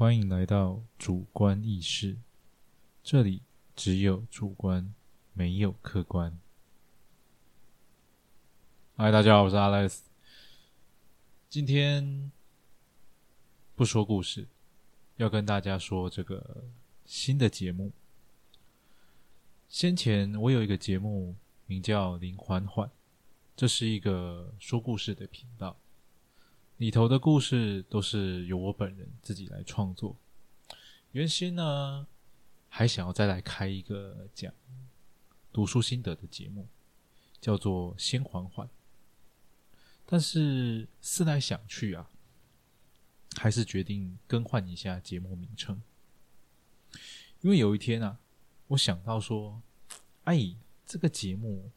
歡迎來到主觀意識，這裡只有主觀，沒有客觀。嗨，大家好，我是 Alex。今天不說故事，要跟大家說這個新的節目。先前我有一個節目，名叫《林緩緩》，這是一個說故事的頻道。裡頭的故事都是由我本人自己來創作。原先呢，還想要再來開一個講讀書心得的節目，叫做“先緩緩”。但是思來想去啊，還是決定更換一下節目名稱，因為有一天啊，我想到說：“哎，這個節目，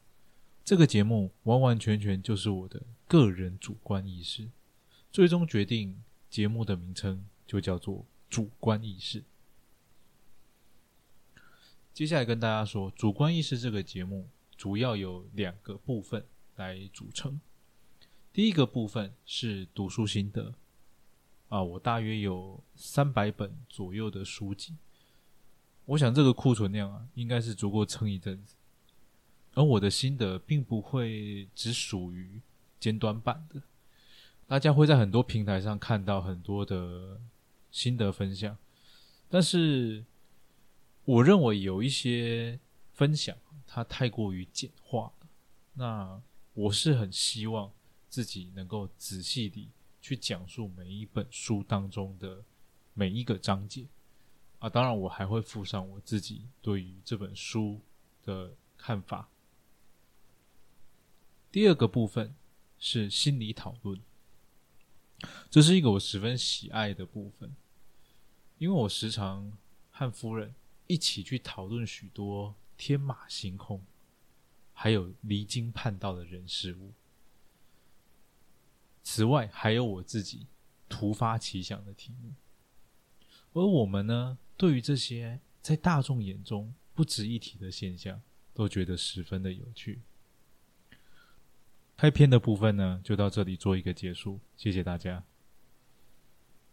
這個節目完完全全就是我的個人主觀意識。”最終決定節目的名稱就叫做《主觀意識》。接下來跟大家說，《主觀意識》這個節目主要有兩個部分來組成。第一個部分是讀書心得，啊，我大約有三百本左右的書籍，我想這個庫存量啊，應該是足夠撐一陣子。而我的心得並不會只屬於尖端版的。大家會在很多平台上看到很多的心得分享，但是我認為有一些分享它太過於簡化了。那我是很希望自己能夠仔細的去講述每一本書當中的每一個章節啊，當然我還會附上我自己對於這本書的看法。第二個部分是心理討論。這是一個我十分喜愛的部分，因為我時常和夫人一起去討論許多天馬行空，還有離經叛道的人事物。此外，還有我自己突發奇想的題目。而我們呢，對於這些在大眾眼中不值一提的現象，都覺得十分的有趣。開篇的部分呢，就到這裡做一個結束，謝謝大家。